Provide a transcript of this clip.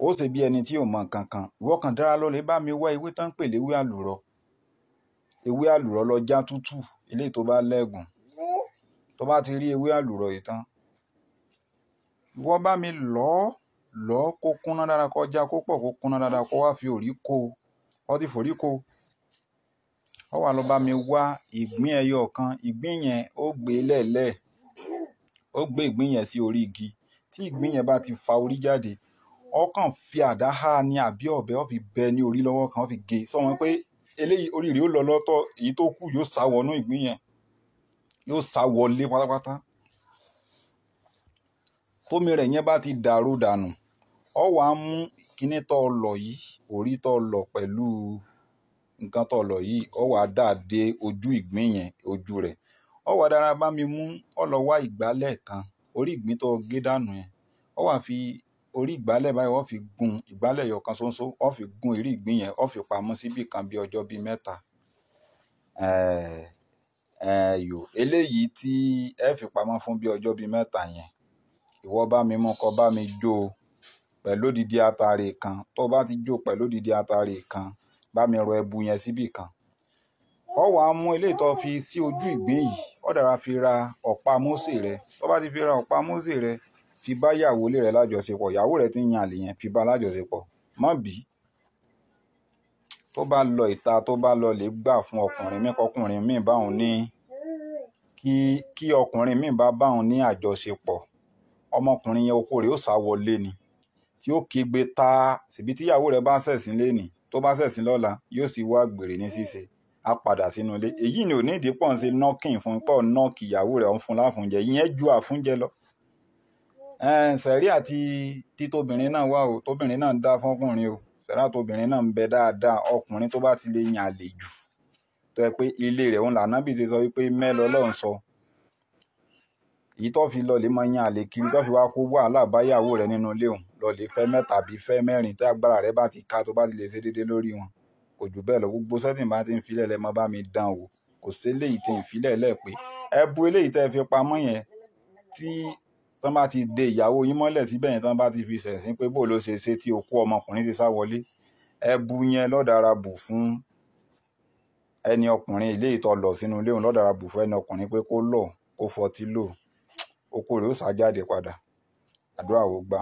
ó ṣe bí ẹni tí ò mọ nǹkan kan ìwọ kan dára lọ lè bá mi wá ewé tán pè léwé àlùrọ ewé àlùrọ lọ já tútù ilé tó bá lẹ́gùn tó bá ti rí ewé àlùrọ yìí tán ìwọ bá mi lọ lọ kó kúnná dára kó já kó pọ̀ kó kúnná dára kó wá fi òrí kó ọ ti fòrí kó ọ wà lọ bá mi wá ìgbín ẹyọ kan ìgbín yẹn ó gbé lẹ́lẹ́ ó gbé ìgbín yẹn sí orí igi tí ìgbín yẹn bá ti fa orí jáde ọkàn fi àdá há ni àbí ọ̀bẹ ó fi bẹ ní orí lọ́wọ́ kan ó fi gé e. sọmọ pé eléyìí orí rẹ̀ ó lọ lọ́tọ̀ èyí tó kù yóò sá wọnú ìgbín yẹn yóò sá wọlé pátápátá tómi rẹ̀ yẹn bá ti dàrú dànù ọ wà á mú kíní tó lọ yìí orí tó lọ pẹ̀lú nǹkan tó lọ yìí ọ wà á dà dé ojú ìgbín yẹn ojú rẹ̀ ọ wà á dára bá mi mú ọ lọ wá ìgbálẹ̀ kan orí ìgbín tó gé dànù yẹn ọ wà á fi orí ìgbálẹ̀ báyìí wọ́n fi gun ìgbálẹ̀ yọ̀kan ṣoṣo wọ́n fi gun ìrí ìgbín yẹn wọ́n fi pamọ́ síbì kan bí ọjọ́ bíi mẹ́ta ẹ̀ẹ́yò eléyìí tí ẹ fi pamọ́ fún bí ọjọ́ bíi mẹ́ta yẹn ìwọ bá mi mú kọ bá mi jó o pẹ̀lú odidi atare kan tó bá ti jó pẹ̀lú odidi atare kan bá mi rọ ẹbu yẹn síbì kan ọ wà á mú eléyìí tó fi sí ojú ìgbín yìí ọ dára fi ra ọ̀pá mósè rẹ tó bá ti fi ra ọ̀pá mósè rẹ fi bá yàwó ilé rẹ lájọṣepọ̀ yàwó rẹ ti ń yan àlè yẹn fi bá lájọṣepọ̀ mọ́ bí tó bá lọ ìta tó bá lọ lè gbà fún ọkùnrin mi kọkùnrin mi báwọn ní kí kí ọkùnrin mi bá báwọn ní àjọṣepọ̀ ọmọkùnrin yẹn okó rẹ̀ ó sá wọlé ni tí ó kígbe ta síbi tíyàwó rẹ̀ bá ṣẹ̀sìn lénìí tó bá ṣẹ̀sìn lọ́la yóò sì wá gbèrè ní ṣíṣe á padà sínú ilé èyí ni ò ní ìdí pọ̀ ń ṣe nọ́kìn fún pọ̀ nọ́ọ̀kì ìyàwó rẹ̀ ń fún láfúnjẹ ìyẹn ju àfúnjẹ lọ sẹ̀rí àti títóbìnrin náà wà o tóbìnrin náà dá fọkùnrin o sẹ̀rí àtòbìnrin náà ń bẹ dáadáa ọkùnrin tó bá ti lè yàn àlè jù tó yẹ pé ilé rẹ̀ òun lànàbì ti sọ wípé mẹ́lọ lọ́hùn sọ èyí tó fi lọlé máa yan àlè kiri tó fi wá kó wàhálà báyàwó rẹ̀ nínú ilé òun lọlé fẹ́ mẹ́ta àbí fẹ́ mẹ́rin tí agbára rẹ̀ bá ti ká tó bá ti lè ṣe déédéé lórí wọn kò jù bẹ́ẹ̀ lọ gbogbo sẹ́tìn bá ti ń filẹ̀ lẹ́ mọ́ bá mi dán o kò sí eléyìí tẹ̀ ń filẹ̀ lẹ́ pé ẹ bu eléyìí tẹ́ fi pamọ́ yẹn tí tán bá ti de ìyàwó yín mọ́lẹ̀ síbẹ̀ yẹn tán bá ti fi sẹ̀sìn pé bó ló ṣe ṣe tí okú ọmọkùnrin ṣe sá wọlé ẹbu yẹn lọ́dàra bù fún ẹni ọkùnrin ilé ìtọ́ lọ sínú ilé òun lọ́dàra bù fún ẹni ọkùnrin pé kó lọ kó fọtí lò okú rẹ̀ ó sá jáde padà àdúrà ó gbà.